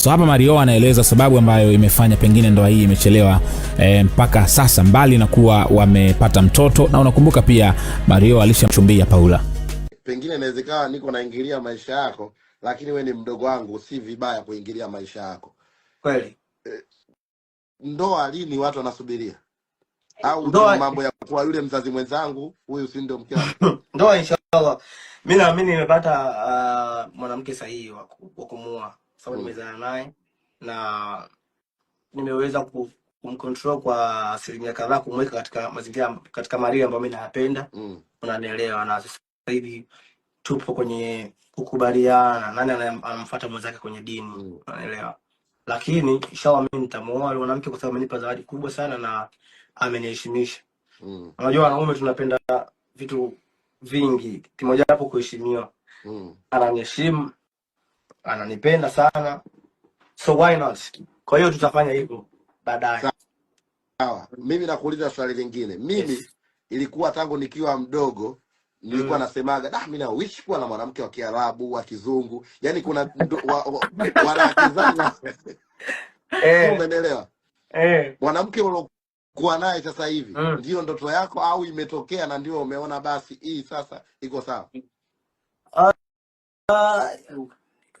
So hapa Mario anaeleza sababu ambayo imefanya pengine ndoa hii imechelewa e, mpaka sasa, mbali na kuwa wamepata mtoto, na unakumbuka pia Mario alishamchumbia Paula. Pengine inawezekana niko naingilia maisha yako, lakini we ni mdogo wangu, si vibaya kuingilia maisha yako kweli. E, ndoa lini watu wanasubiria? Au ndoa mambo ya kuwa yule mzazi mwenzangu huyu, si ndio mke wangu? Ndoa inshallah, mimi naamini nimepata uh, mwanamke sahihi wa kumuoa kwa sababu mm. nimezana naye na nimeweza kumcontrol kwa asilimia kadhaa, kumweka katika mazingira katika maria ambayo mimi nayapenda. Mm. Unanielewa, na sasa hivi tupo kwenye kukubaliana nani anamfuata mwenzake kwenye dini. Mm. Unanielewa, lakini inshallah mimi nitamuoa yule mwanamke, kwa sababu amenipa zawadi kubwa sana na ameniheshimisha. Mm. Unajua wanaume tunapenda vitu vingi, kimoja hapo kuheshimiwa. Mm. Ananiheshimu ananipenda sana, so why not? Kwa hiyo tutafanya hivyo baadaye. Sawa, mimi nakuuliza swali lingine. Mimi yes. Ilikuwa tangu nikiwa mdogo nilikuwa mm. nasemaga da, mimi na wish kuwa na mwanamke wa Kiarabu wa Kizungu, yani kuna zangu eh, umeelewa eh, mwanamke uliokuwa naye sasa hivi mm. ndio ndoto yako au imetokea na ndio umeona basi hii sasa iko sawa? uh, uh,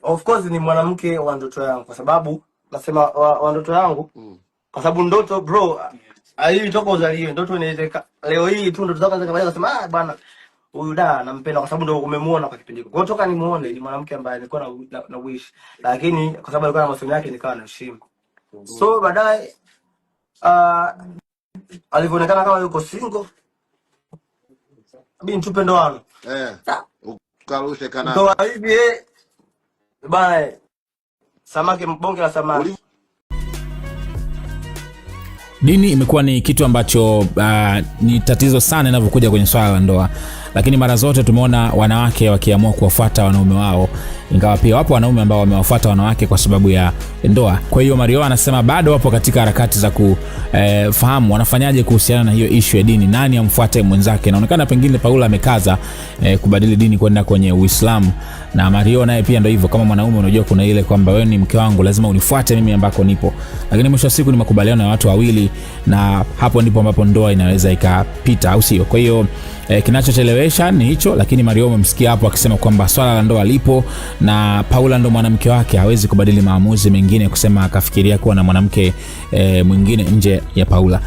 Of course ni mwanamke wa ndoto yangu, kwa sababu nasema wa, wa ndoto yangu mm. kwa sababu ndoto bro, hii toka uzaliwe ndoto inawezeka. Leo hii tu ndoto zako zinaweza kubadilika, sema ah, bwana huyu da nampenda, kwa sababu ndio umemuona kwa kipindi kwa toka nimuone, ni mwanamke ambaye nilikuwa na, na, na wish, lakini kwa sababu alikuwa na masomo yake nikawa na heshima mm -hmm. so baadaye uh, alivyoonekana kama yuko single, mimi nitupe wangu eh, ukarushe kana ndoa hivi eh Bana, samaki mbonge la samaki. Dini imekuwa ni kitu ambacho uh, ni tatizo sana inavyokuja kwenye swala la ndoa lakini mara zote tumeona wanawake wakiamua kuwafuata wanaume wao, ingawa pia wapo wanaume ambao wamewafuata wanawake kwa sababu ya ndoa. Kwa hiyo Mario anasema bado wapo katika harakati za kufahamu eh, wanafanyaje kuhusiana na hiyo ishu ya dini, nani amfuate mwenzake. Inaonekana pengine Paula amekaza eh, kubadili dini kwenda kwenye Uislamu, na Mario naye pia ndo hivyo. Kama mwanaume unajua, kuna ile kwamba wewe ni mke wangu, lazima unifuate mimi ambako nipo, lakini mwisho wa siku ni makubaliano ya watu wawili, na hapo ndipo ambapo ndoa inaweza ikapita, au sio? Kwa hiyo eh, kinachochelewa kuongelesha ni hicho, lakini Mario umemsikia hapo akisema kwamba swala la ndoa lipo na Paula ndo mwanamke wake, hawezi kubadili maamuzi mengine kusema akafikiria kuwa na mwanamke e, mwingine nje ya Paula.